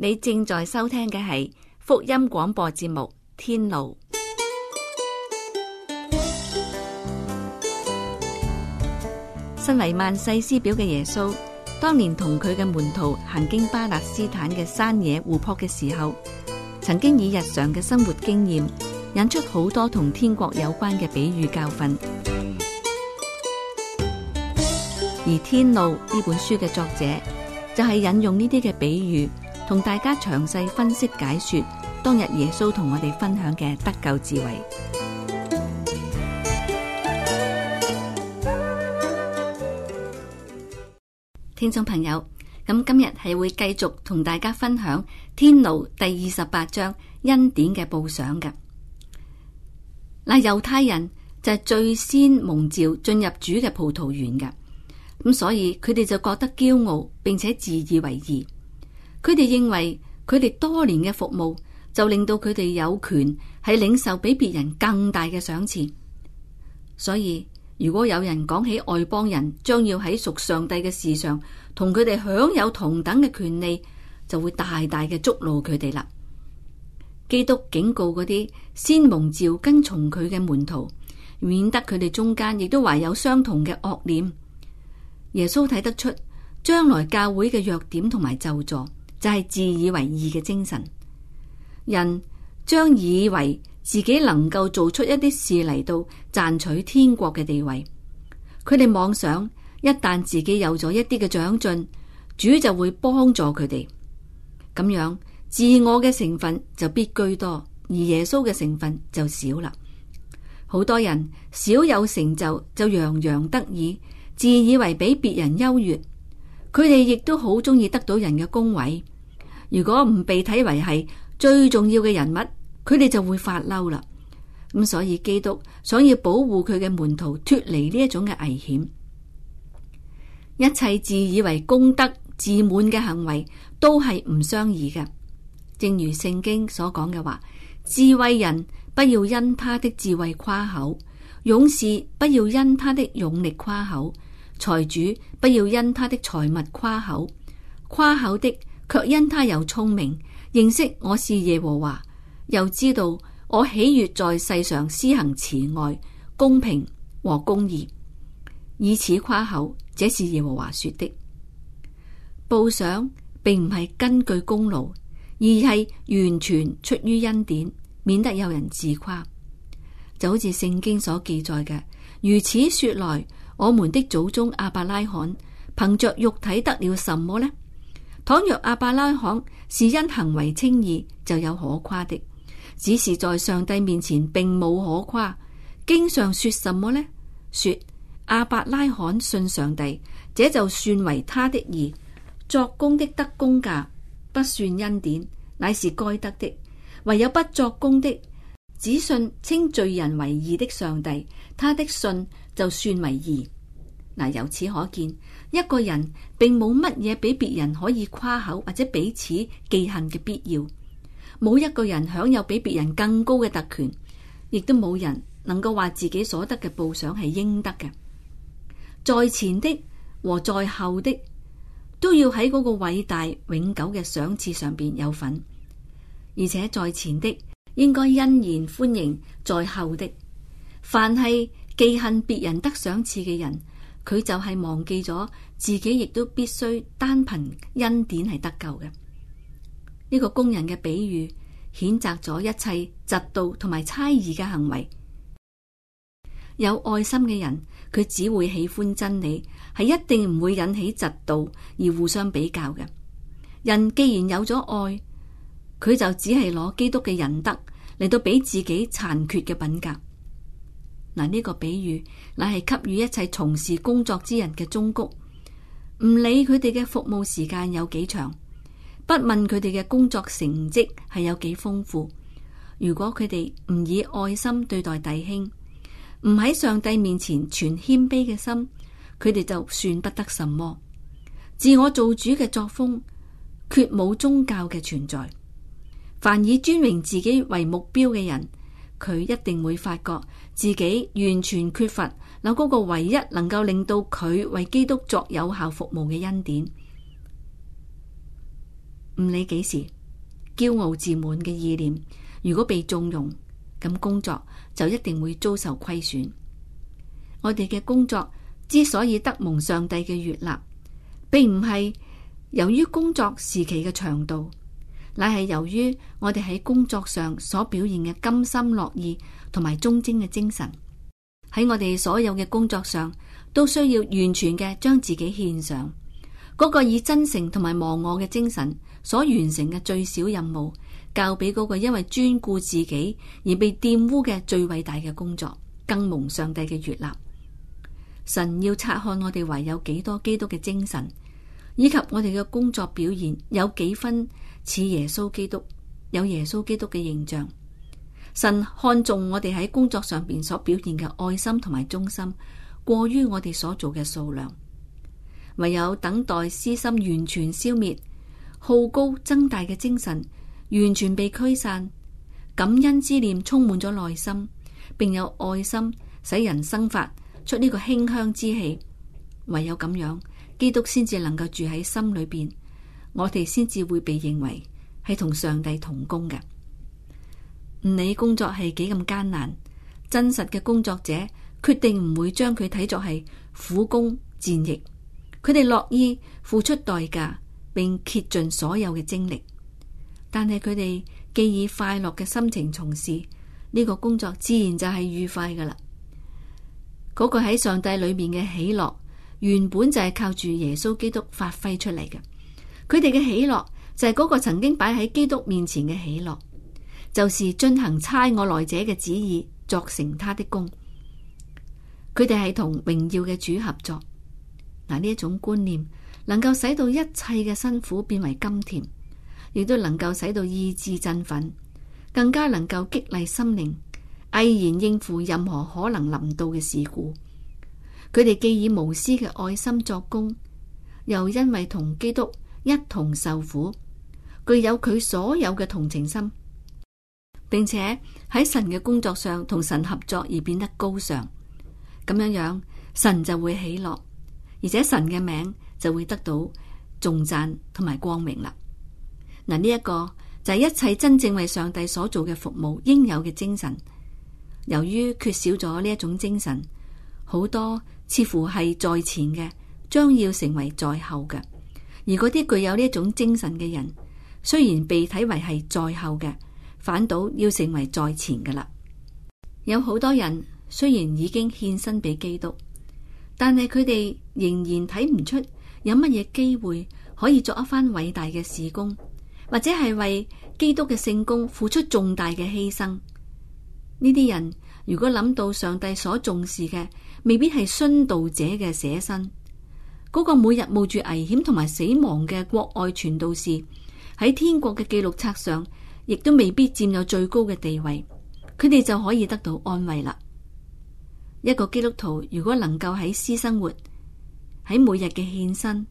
你正在收聽嘅係福音廣播節目《天路》。身為萬世師表嘅耶穌，當年同佢嘅門徒行經巴勒斯坦嘅山野湖泊嘅時候，曾經以日常嘅生活經驗引出好多同天國有關嘅比喻教訓。而《天路》呢本書嘅作者就係引用呢啲嘅比喻。同大家詳細分析解說，當日耶穌同我哋分享嘅得救智慧。聽眾朋友，咁今日係會繼續同大家分享《天路》第二十八章恩典嘅報賞嘅。嗱，猶太人就係最先蒙召進入主嘅葡萄園嘅，咁所以佢哋就覺得驕傲，並且自以為義。佢哋認為佢哋多年嘅服務就令到佢哋有權喺領受比別人更大嘅賞賜，所以如果有人講起外邦人將要喺屬上帝嘅事上同佢哋享有同等嘅權利，就會大大嘅捉弄佢哋啦。基督警告嗰啲先蒙召跟從佢嘅門徒，免得佢哋中間亦都懷有相同嘅惡念。耶穌睇得出將來教會嘅弱點同埋救助。就係自以為義嘅精神，人將以為自己能夠做出一啲事嚟到賺取天國嘅地位，佢哋妄想一旦自己有咗一啲嘅長進，主就會幫助佢哋。咁樣自我嘅成分就必居多，而耶穌嘅成分就少啦。好多人少有成就就洋洋得意，自以為比別人優越。佢哋亦都好中意得到人嘅恭維，如果唔被睇為係最重要嘅人物，佢哋就會發嬲啦。咁所以基督想要保護佢嘅門徒脱離呢一種嘅危險，一切自以為功德、自滿嘅行為都係唔相宜嘅。正如聖經所講嘅話：智慧人不要因他的智慧誇口，勇士不要因他的勇力誇口。財主不要因他的財物誇口，誇口的卻因他又聰明，認識我是耶和華，又知道我喜悅在世上施行慈愛、公平和公義，以此誇口。這是耶和華說的。報賞並唔係根據功勞，而係完全出於恩典，免得有人自誇。就好似聖經所記載嘅，如此說來。我們的祖宗亞伯拉罕憑着肉體得了什麼呢？倘若亞伯拉罕是因行為稱義，就有可誇的；只是在上帝面前並冇可誇。經常說什麼呢？說亞伯拉罕信上帝，這就算為他的義。作工的得工價，不算恩典，乃是該得的。唯有不作工的，只信稱罪人為義的上帝，他的信。就算為義，嗱，由此可見，一個人並冇乜嘢比別人可以誇口或者彼此忌恨嘅必要。冇一個人享有比別人更高嘅特權，亦都冇人能夠話自己所得嘅報賞係應得嘅。在前的和在後的都要喺嗰個偉大永久嘅賞賜上邊有份，而且在前的應該欣然歡迎在後的，凡係。記恨別人得賞賜嘅人，佢就係忘記咗自己亦都必須單憑恩典係得救嘅。呢、這個工人嘅比喻，譴責咗一切嫉妒同埋猜疑嘅行為。有愛心嘅人，佢只會喜歡真理，係一定唔會引起嫉妒而互相比較嘅。人既然有咗愛，佢就只係攞基督嘅仁德嚟到俾自己殘缺嘅品格。嗱，呢個比喻乃係給予一切從事工作之人嘅忠告，唔理佢哋嘅服務時間有幾長，不問佢哋嘅工作成績係有幾豐富。如果佢哋唔以愛心對待弟兄，唔喺上帝面前存謙卑嘅心，佢哋就算不得什麼，自我做主嘅作風，缺冇宗教嘅存在。凡以尊榮自己為目標嘅人，佢一定會發覺自己完全缺乏嗱，嗰個唯一能夠令到佢為基督作有效服務嘅恩典，唔理幾時，驕傲自滿嘅意念如果被縱容，咁工作就一定會遭受虧損。我哋嘅工作之所以得蒙上帝嘅悅納，並唔係由於工作時期嘅長度，乃係由於我哋喺工作上所表現嘅甘心樂意。同埋忠貞嘅精神，喺我哋所有嘅工作上，都需要完全嘅將自己獻上。嗰個以真誠同埋忘我嘅精神所完成嘅最小任務，交俾嗰個因為專顧自己而被玷污嘅最偉大嘅工作更蒙上帝嘅悅納。神要察看我哋懷有幾多基督嘅精神，以及我哋嘅工作表現有幾分似耶穌基督，有耶穌基督嘅形象。神看重我哋喺工作上邊所表現嘅愛心同埋忠心，過於我哋所做嘅數量。唯有等待私心完全消滅，好高增大嘅精神完全被驅散，感恩之念充滿咗內心，並有愛心使人生發出呢個馨香之氣。唯有咁樣，基督先至能夠住喺心裏邊，我哋先至會被認為係同上帝同工嘅。唔理工作係幾咁艱難，真實嘅工作者決定唔會將佢睇作係苦工戰役，佢哋樂意付出代價，並竭盡所有嘅精力。但係佢哋既以快樂嘅心情從事，呢個工作，自然就係愉快噶啦。嗰個喺上帝裏面嘅喜樂，原本就係靠住耶穌基督發揮出嚟嘅。佢哋嘅喜樂就係嗰個曾經擺喺基督面前嘅喜樂。就是進行差我來者嘅旨意，作成他的功。佢哋係同榮耀嘅主合作嗱，呢一種觀念，能夠使到一切嘅辛苦變為甘甜，亦都能夠使到意志振奮，更加能夠激勵心靈，毅然應付任何可能臨到嘅事故。佢哋既以無私嘅愛心作功，又因為同基督一同受苦，具有佢所有嘅同情心。並且喺神嘅工作上同神合作而變得高尚，咁樣樣神就會喜樂，而且神嘅名就會得到重讚同埋光明啦。嗱，呢一個就係一切真正為上帝所做嘅服務應有嘅精神。由於缺少咗呢一種精神，好多似乎係在前嘅，將要成為在後嘅；而嗰啲具有呢一種精神嘅人，雖然被睇為係在後嘅。反倒要成為在前嘅啦，有好多人雖然已經獻身俾基督，但係佢哋仍然睇唔出有乜嘢機會可以作一番偉大嘅事工，或者係為基督嘅聖工付出重大嘅犧牲。呢啲人如果諗到上帝所重視嘅，未必係殉道者嘅捨身，嗰個每日冒住危險同埋死亡嘅國外傳道士喺天國嘅記錄冊上，亦都未必佔有最高嘅地位，佢哋就可以得到安慰啦。一個基督徒如果能夠喺私生活、喺每日嘅獻身、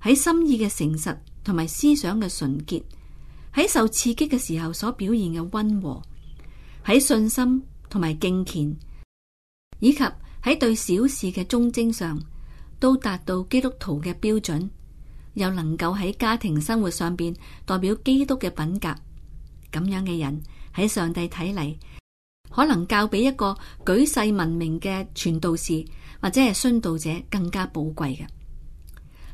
喺心意嘅誠實同埋思想嘅純潔、喺受刺激嘅時候所表現嘅温和、喺信心同埋敬虔，以及喺對小事嘅忠貞上都達到基督徒嘅標準，又能夠喺家庭生活上面代表基督嘅品格。咁樣嘅人喺上帝睇嚟，可能較比一個舉世聞名嘅傳道士或者係殉道者更加寶貴嘅。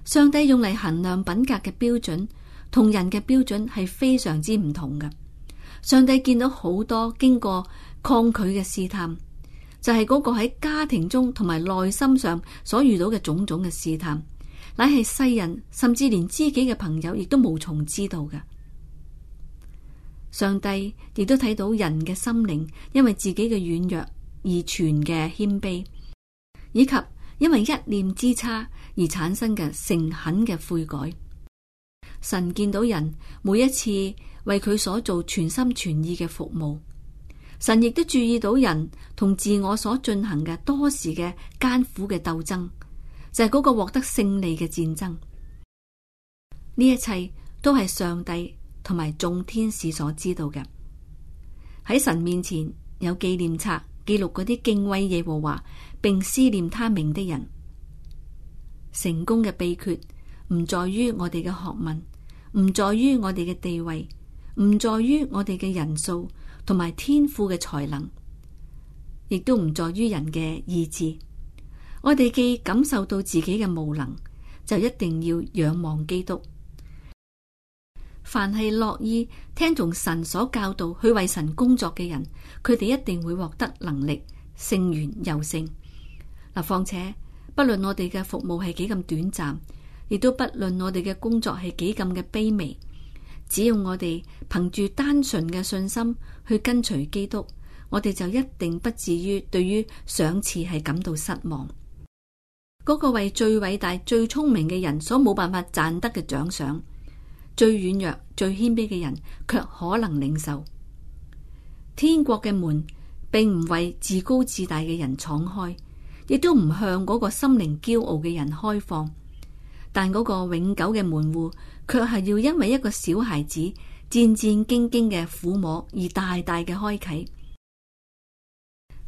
上帝用嚟衡量品格嘅標準，同人嘅標準係非常之唔同嘅。上帝見到好多經過抗拒嘅試探，就係嗰個喺家庭中同埋內心上所遇到嘅種種嘅試探，乃係世人甚至連知己嘅朋友亦都無從知道嘅。上帝亦都睇到人嘅心靈，因為自己嘅軟弱而存嘅謙卑，以及因為一念之差而產生嘅誠懇嘅悔改。神見到人每一次為佢所做全心全意嘅服務，神亦都注意到人同自我所進行嘅多時嘅艱苦嘅鬥爭，就係嗰個獲得勝利嘅戰爭。呢一切都係上帝同埋眾天使所知道嘅，喺神面前有紀念冊記錄嗰啲敬畏耶和華並思念他名的人。成功嘅秘訣唔在於我哋嘅學問，唔在於我哋嘅地位，唔在於我哋嘅人數同埋天賦嘅才能，亦都唔在於人嘅意志。我哋既感受到自己嘅無能，就一定要仰望基督。凡係樂意聽從神所教導去為神工作嘅人，佢哋一定會獲得能力勝完又勝嗱。況且不論我哋嘅服務係幾咁短暫，亦都不論我哋嘅工作係幾咁嘅卑微，只要我哋憑住單純嘅信心去跟隨基督，我哋就一定不至於對於賞賜係感到失望。嗰個為最偉大、最聰明嘅人所冇辦法賺得嘅獎賞。最軟弱、最謙卑嘅人，卻可能領受天國嘅門，並唔為自高自大嘅人敞開，亦都唔向嗰個心靈驕傲嘅人開放。但嗰個永久嘅門戶，卻係要因為一個小孩子戰戰兢兢嘅撫摸而大大嘅開啟。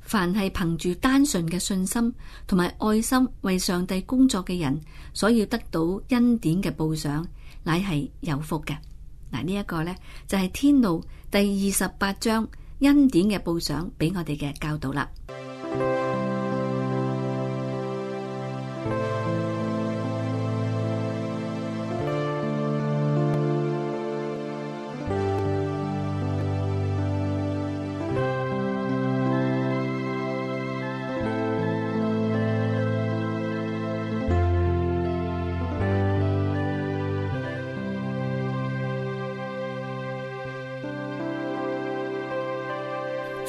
凡係憑住單純嘅信心同埋愛心為上帝工作嘅人，所要得到恩典嘅報賞。乃係有福嘅嗱，呢、這、一個咧就係天路第二十八章恩典嘅報賞俾我哋嘅教導啦。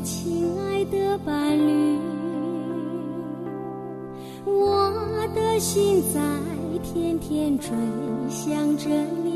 親愛的伴侶，我的心在天天追想着你。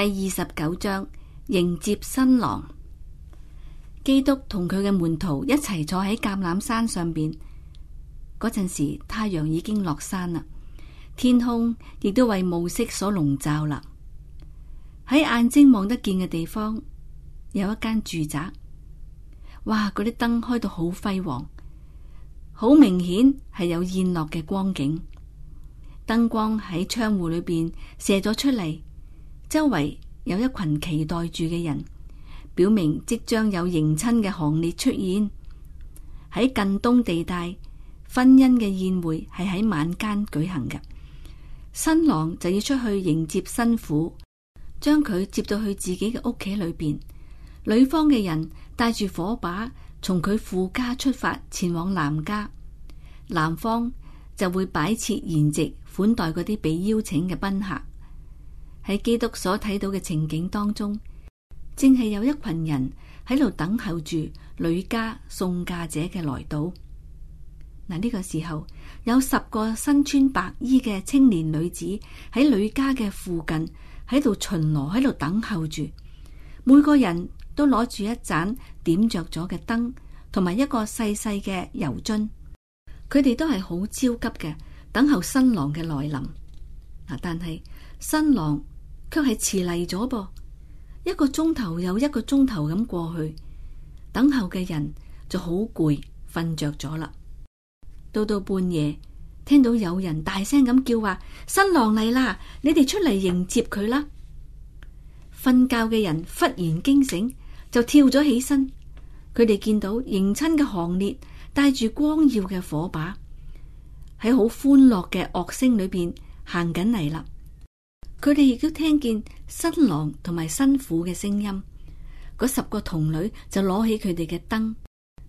第二十九章，迎接新郎。基督同佢嘅門徒一齊坐喺橄欖山上邊，嗰陣時，太陽已經落山啦，天空亦都為暮色所籠罩啦。喺眼睛望得見嘅地方，有一間住宅，哇！嗰啲燈開到好輝煌，好明顯係有宴樂嘅光景，燈光喺窗戶裏邊射咗出嚟。周圍有一群期待住嘅人，表明即將有迎親嘅行列出現。喺近東地帶，婚姻嘅宴會係喺晚間舉行嘅。新郎就要出去迎接新婦，將佢接到去自己嘅屋企裏邊。女方嘅人帶住火把，從佢父家出發前往男家。男方就會擺設筵席，款待嗰啲被邀請嘅賓客。喺基督所睇到嘅情景當中，正係有一群人喺度等候住女家送嫁者嘅來到。嗱、這、呢個時候有十個身穿白衣嘅青年女子喺女家嘅附近喺度巡邏，喺度等候住。每個人都攞住一盞點着咗嘅燈，同埋一個細細嘅油樽。佢哋都係好焦急嘅等候新郎嘅來臨。嗱，但係新郎。卻係遲嚟咗噃，一個鐘頭又一個鐘頭咁過去，等候嘅人就好攰，瞓着咗啦。到到半夜，聽到有人大聲咁叫話：新郎嚟啦，你哋出嚟迎接佢啦！瞓覺嘅人忽然驚醒，就跳咗起身。佢哋見到迎親嘅行列，帶住光耀嘅火把，喺好歡樂嘅樂聲裏邊行緊嚟啦。佢哋亦都聽見新郎同埋新婦嘅聲音，嗰十個童女就攞起佢哋嘅燈，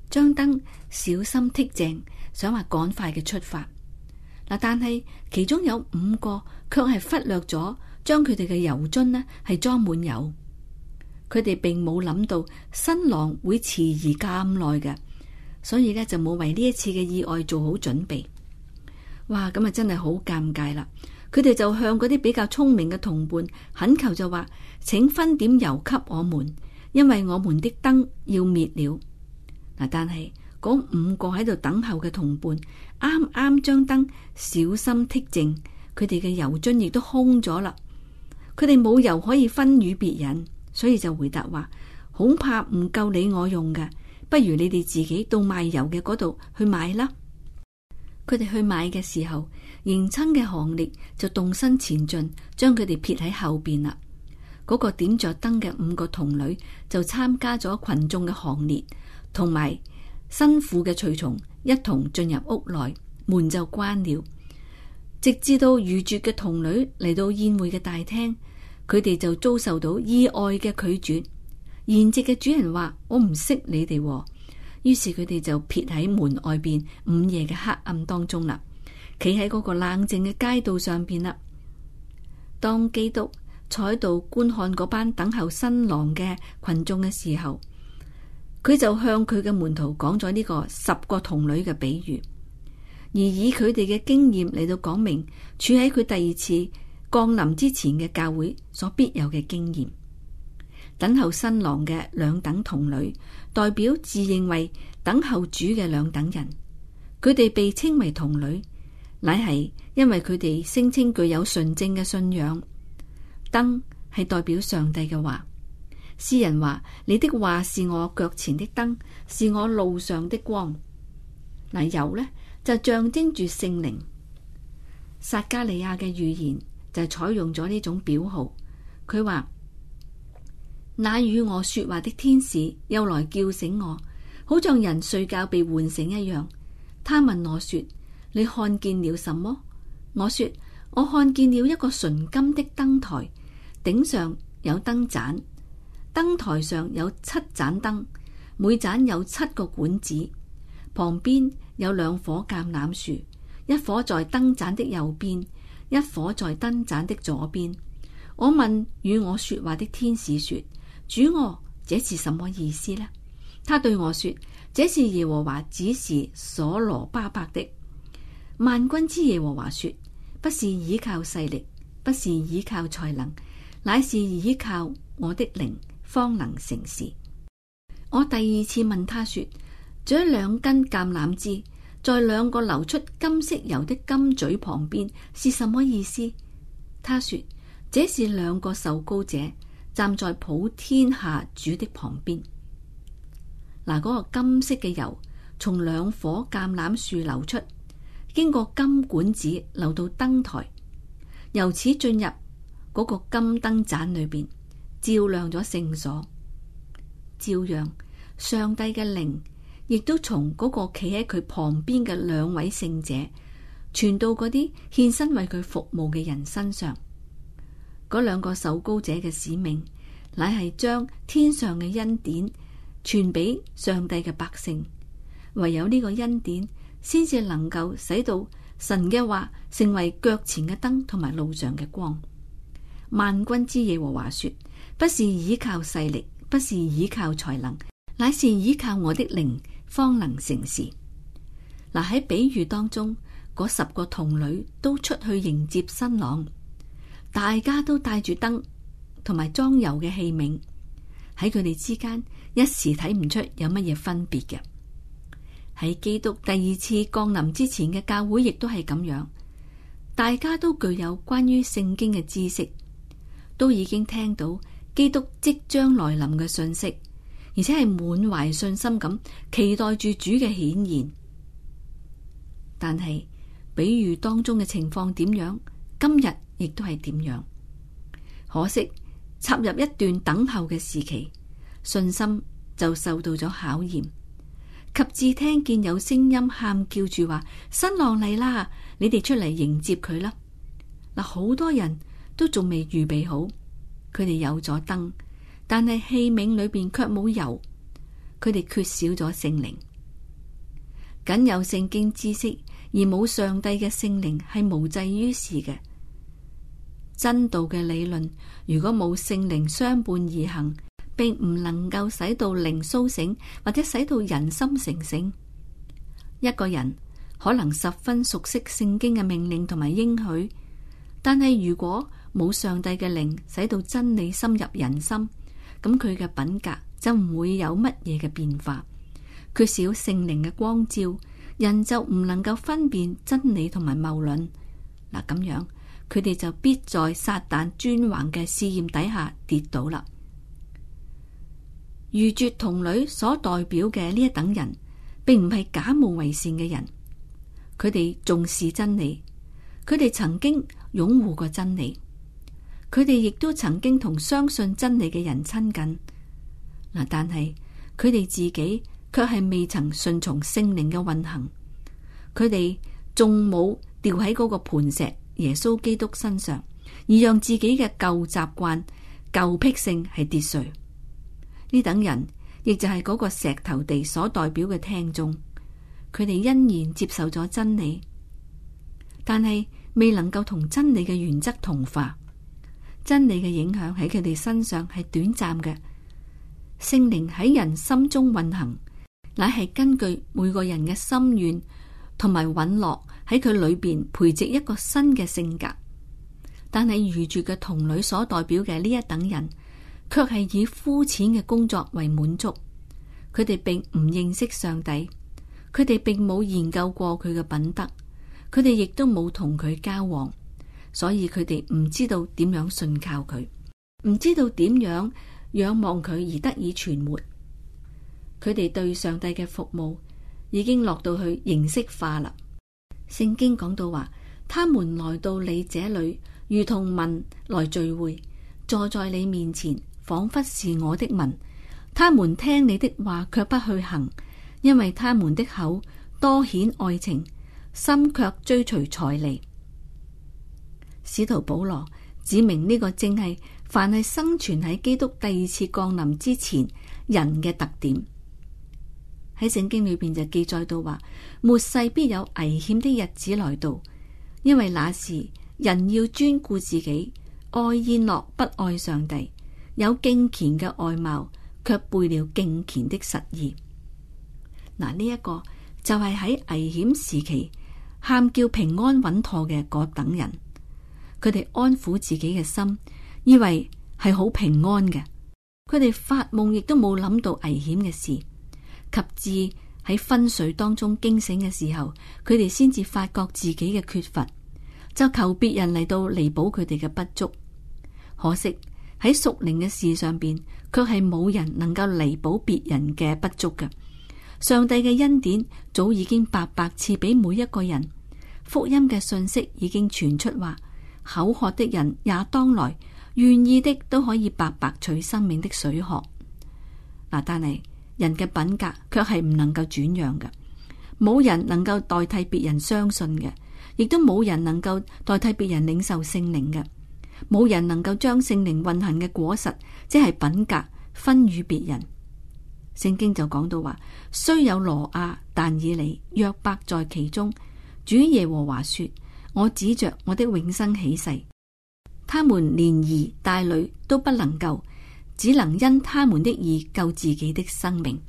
將燈小心剔正，想話趕快嘅出發嗱、啊。但係其中有五個卻係忽略咗將佢哋嘅油樽咧係裝滿油，佢哋並冇諗到新郎會遲疑咁耐嘅，所以咧就冇為呢一次嘅意外做好準備。哇，咁啊真係好尷尬啦！佢哋就向嗰啲比較聰明嘅同伴懇求就，就話，請分點油給我們，因為我們的燈要滅了。嗱，但係嗰五個喺度等候嘅同伴，啱啱將燈小心剔淨，佢哋嘅油樽亦都空咗啦。佢哋冇油可以分與別人，所以就回答話，恐怕唔夠你我用嘅，不如你哋自己到賣油嘅嗰度去買啦。佢哋去買嘅時候。迎親嘅行列就動身前進，將佢哋撇喺後邊啦。嗰、那個點着燈嘅五個童女就參加咗群眾嘅行列，同埋辛苦嘅隨從一同進入屋內，門就關了。直至到愚拙嘅童女嚟到宴會嘅大廳，佢哋就遭受到意外嘅拒絕。宴席嘅主人話：我唔識你哋、哦。於是佢哋就撇喺門外邊午夜嘅黑暗當中啦。企喺嗰個冷靜嘅街道上面啦。當基督坐喺度觀看嗰班等候新郎嘅群眾嘅時候，佢就向佢嘅門徒講咗呢個十個童女嘅比喻，而以佢哋嘅經驗嚟到講明，處喺佢第二次降臨之前嘅教會所必有嘅經驗。等候新郎嘅兩等童女代表自認為等候主嘅兩等人，佢哋被稱為童女。乃係因為佢哋聲稱具有純正嘅信仰，燈係代表上帝嘅話。詩人話：你的話是我腳前的燈，是我路上的光。嗱油呢，就象徵住聖靈。撒加利亞嘅預言就採用咗呢種表號。佢話：那與我說話的天使又來叫醒我，好像人睡覺被喚醒一樣。他問我說。你看見了什麼？我說我看見了一個純金的燈臺，頂上有燈盞，燈臺上有七盞燈，每盞有七個管子。旁邊有兩棵橄欖樹，一棵在燈盞的右邊，一棵在燈盞的左邊。我問與我說話的天使說：主我，這是什麼意思呢？他對我說：這是耶和華指示所羅巴伯的。萬軍之耶和華說：不是倚靠勢力，不是倚靠才能，乃是倚靠我的靈，方能成事。我第二次問他說：這兩根橄欖枝在兩個流出金色油的金嘴旁邊是什麼意思？他說：這是兩個受膏者站在普天下主的旁邊。嗱，嗰個金色嘅油從兩棵橄欖樹流出。經過金管子流到燈台，由此進入嗰個金燈盞裏邊，照亮咗聖所。照樣，上帝嘅靈亦都從嗰個企喺佢旁邊嘅兩位聖者傳到嗰啲獻身為佢服務嘅人身上。嗰兩個受膏者嘅使命，乃係將天上嘅恩典傳俾上帝嘅百姓。唯有呢個恩典。先至能夠使到神嘅話成為腳前嘅燈同埋路上嘅光。萬軍之耶和華說：不是倚靠勢力，不是倚靠才能，乃是倚靠我的靈，方能成事。嗱、啊、喺比喻當中，嗰十個童女都出去迎接新郎，大家都帶住燈同埋裝油嘅器皿，喺佢哋之間一時睇唔出有乜嘢分別嘅。喺基督第二次降臨之前嘅教會，亦都係咁樣，大家都具有關於聖經嘅知識，都已經聽到基督即將來臨嘅訊息，而且係滿懷信心咁期待住主嘅顯現。但係，比喻當中嘅情況點樣，今日亦都係點樣？可惜，插入一段等候嘅時期，信心就受到咗考驗。及至聽見有聲音喊叫住話：新郎嚟啦，你哋出嚟迎接佢啦！嗱，好多人都仲未預備好，佢哋有咗燈，但係器皿裏邊卻冇油，佢哋缺少咗聖靈。僅有聖經知識而冇上帝嘅聖靈係無濟於事嘅。真道嘅理論如果冇聖靈相伴而行。並唔能夠使到靈甦醒，或者使到人心成醒。一個人可能十分熟悉聖經嘅命令同埋應許，但係如果冇上帝嘅靈使到真理深入人心，咁佢嘅品格就唔會有乜嘢嘅變化。缺少聖靈嘅光照，人就唔能夠分辨真理同埋謬論。嗱，咁樣佢哋就必在撒旦專橫嘅試驗底下跌倒啦。愚拙童女所代表嘅呢一等人，並唔係假冒為善嘅人，佢哋重視真理，佢哋曾經擁護過真理，佢哋亦都曾經同相信真理嘅人親近。嗱，但係佢哋自己卻係未曾順從聖靈嘅運行，佢哋仲冇掉喺嗰個磐石耶穌基督身上，而讓自己嘅舊習慣、舊癖性係跌碎。呢等人亦就係嗰個石頭地所代表嘅聽眾，佢哋欣然接受咗真理，但係未能夠同真理嘅原則同化，真理嘅影響喺佢哋身上係短暫嘅。聖靈喺人心中運行，乃係根據每個人嘅心願同埋允諾喺佢裏邊培植一個新嘅性格，但係愚拙嘅童女所代表嘅呢一等人，卻係以膚淺嘅工作為滿足，佢哋並唔認識上帝，佢哋並冇研究過佢嘅品德，佢哋亦都冇同佢交往，所以佢哋唔知道點樣信靠佢，唔知道點樣仰望佢而得以存活。佢哋對上帝嘅服務已經落到去形式化啦。聖經講到話，他們來到你這裏，如同民來聚會，坐在你面前。仿佛是我的民，他們聽你的話却不去行，因為他們的口多顯愛情，心却追隨財利。使徒保羅指明呢個正係凡係生存喺基督第二次降臨之前人嘅特點。喺聖經裏邊就記載到話，末世必有危險的日子來到，因為那時人要專顧自己，愛宴樂，不愛上帝。有敬虔嘅外貌，卻背了敬虔的實意。嗱，呢一個就係、是、喺危險時期喊叫平安穩妥嘅嗰等人，佢哋安撫自己嘅心，以為係好平安嘅。佢哋發夢亦都冇諗到危險嘅事，及至喺昏睡當中驚醒嘅時候，佢哋先至發覺自己嘅缺乏，就求別人嚟到彌補佢哋嘅不足。可惜。喺屬靈嘅事上邊，卻係冇人能夠彌補別人嘅不足嘅。上帝嘅恩典早已經白白賜俾每一個人，福音嘅信息已經傳出，話口渴的人也當來，願意的都可以白白取生命的水喝。嗱，但係人嘅品格卻係唔能夠轉讓嘅，冇人能夠代替別人相信嘅，亦都冇人能夠代替別人領受聖靈嘅。冇人能夠將聖靈運行嘅果實，即係品格分與別人。聖經就講到話：雖有挪亞，但以理約伯在其中。主耶和華說：我指着我的永生起誓，他們連兒帶女都不能救，只能因他們的意救自己的生命。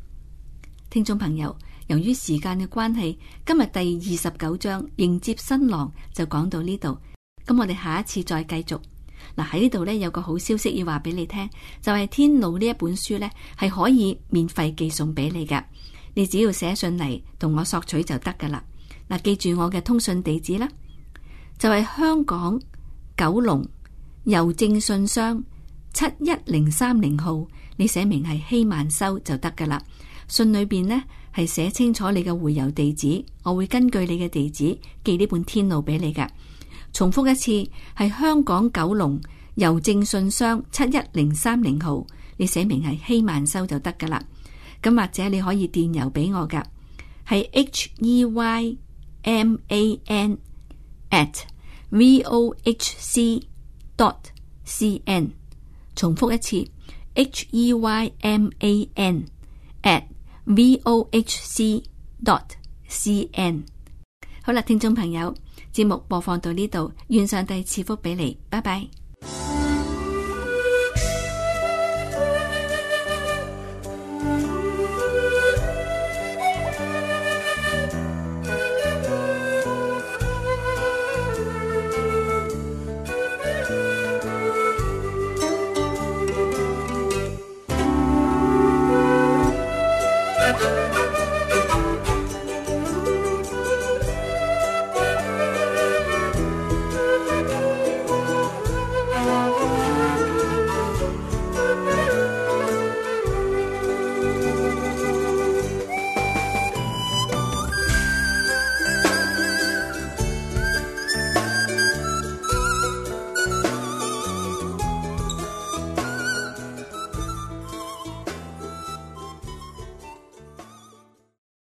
聽眾朋友，由於時間嘅關係，今日第二十九章迎接新郎就講到呢度，咁我哋下一次再繼續。嗱，喺呢度咧，有個好消息要話俾你聽，就係《天路》呢一本書咧係可以免費寄送俾你嘅，你只要寫信嚟同我索取就得噶啦。嗱，記住我嘅通訊地址啦，就係香港九龍郵政信箱七一零三零號，你寫明係希曼修就得噶啦。信裏邊呢，係寫清楚你嘅回郵地址，我會根據你嘅地址寄呢本《天路》俾你嘅。重複一次，係香港九龍郵政信箱七一零三零號，你寫明係希曼修就得噶啦。咁或者你可以電郵畀我噶，係 h e y m a n at v o h c dot c n。重複一次，h e y m a n at v o h c dot c n。好啦，聽眾朋友。節目播放到呢度，願上帝賜福俾你，拜拜。